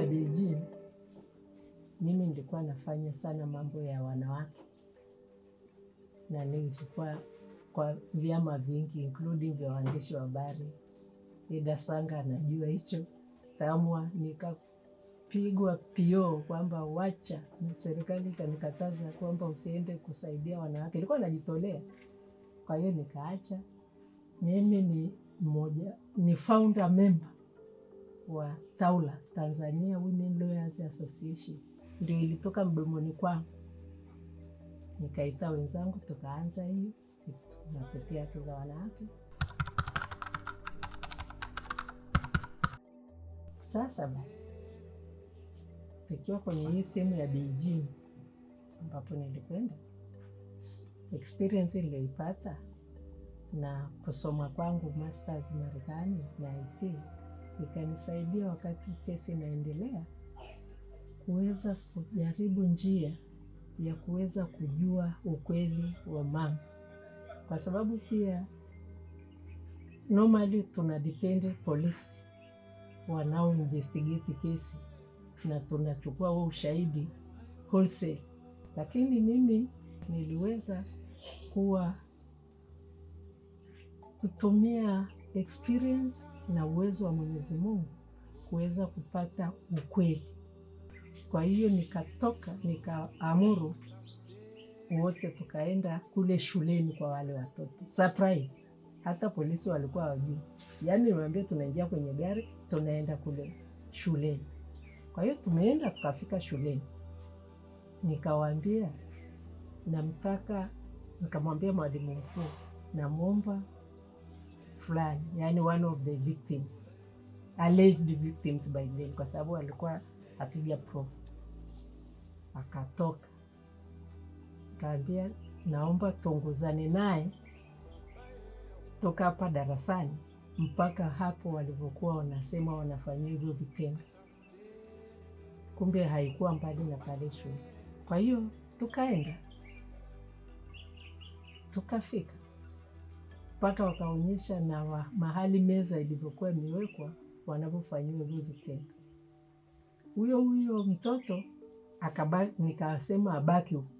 ya Beijing mimi nilikuwa nafanya sana mambo ya wanawake na nilikuwa kwa vyama vingi including vya waandishi wa habari. Ida Sanga anajua hicho, tamwa nikapigwa pio kwamba wacha, serikali ikanikataza kwamba usiende kusaidia wanawake. Nilikuwa najitolea, kwa hiyo nikaacha. Mimi ni mmoja, ni founder member wa taula Tanzania Women Lawyers Association, ndio ilitoka mdomoni kwangu, nikaita wenzangu tukaanza hii, tunatetea haki za wanawake. Sasa basi, zikiwa kwenye hii sehemu ya Beijing ambapo nilikwenda, experience niliyoipata na kusoma kwangu masters Marekani na IT ikanisaidia wakati kesi inaendelea kuweza kujaribu njia ya kuweza kujua ukweli wa mama, kwa sababu pia normally tuna depend polisi wanao investigate kesi na tunachukua huo ushahidi wholesale, lakini mimi niliweza kuwa kutumia experience na uwezo wa Mwenyezi Mungu kuweza kupata ukweli. Kwa hiyo nikatoka nikaamuru wote tukaenda kule shuleni kwa wale watoto surprise. Hata polisi walikuwa wajui, yaani niwaambia, tunaingia kwenye gari tunaenda kule shuleni. Kwa hiyo tumeenda tukafika shuleni, nikawaambia namtaka, nikamwambia mwalimu mkuu, namwomba fulani, yani one of the victims, alleged victims by them, kwa sababu alikuwa apiga pro. Akatoka kaambia, naomba tuongozane naye toka hapa darasani mpaka hapo walivyokuwa wanasema wanafanyia hivyo vitendo. Kumbe haikuwa mbali na pale shule. Kwa hiyo tukaenda tukafika mpaka wakaonyesha na wa, mahali meza ilivyokuwa imewekwa wanavyofanyiwa hivyo vitendo. Huyo huyo mtoto nikasema abaki huko,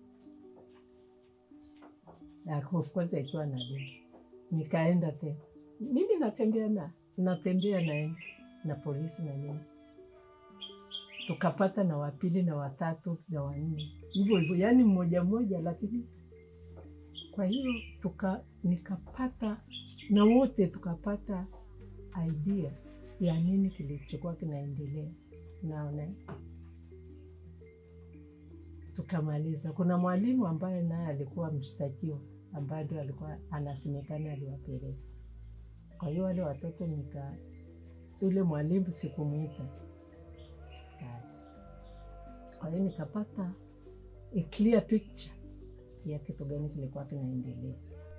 akiwa na deni. Nikaenda tena mimi natembea na natembea naye na polisi na nini, tukapata na wapili na watatu na wanne hivyo hivyo, yaani mmoja mmoja, lakini kwa hiyo tuka nikapata na wote tukapata idea ya nini kilichokuwa kinaendelea. Naona tukamaliza. Kuna mwalimu ambaye naye alikuwa mshtakiwa ambaye ndio alikuwa anasemekana aliwapeleka. Kwa hiyo wale watoto nika, yule mwalimu sikumwita, kwa hiyo nikapata a clear picture ia kitu gani é kinaendelea.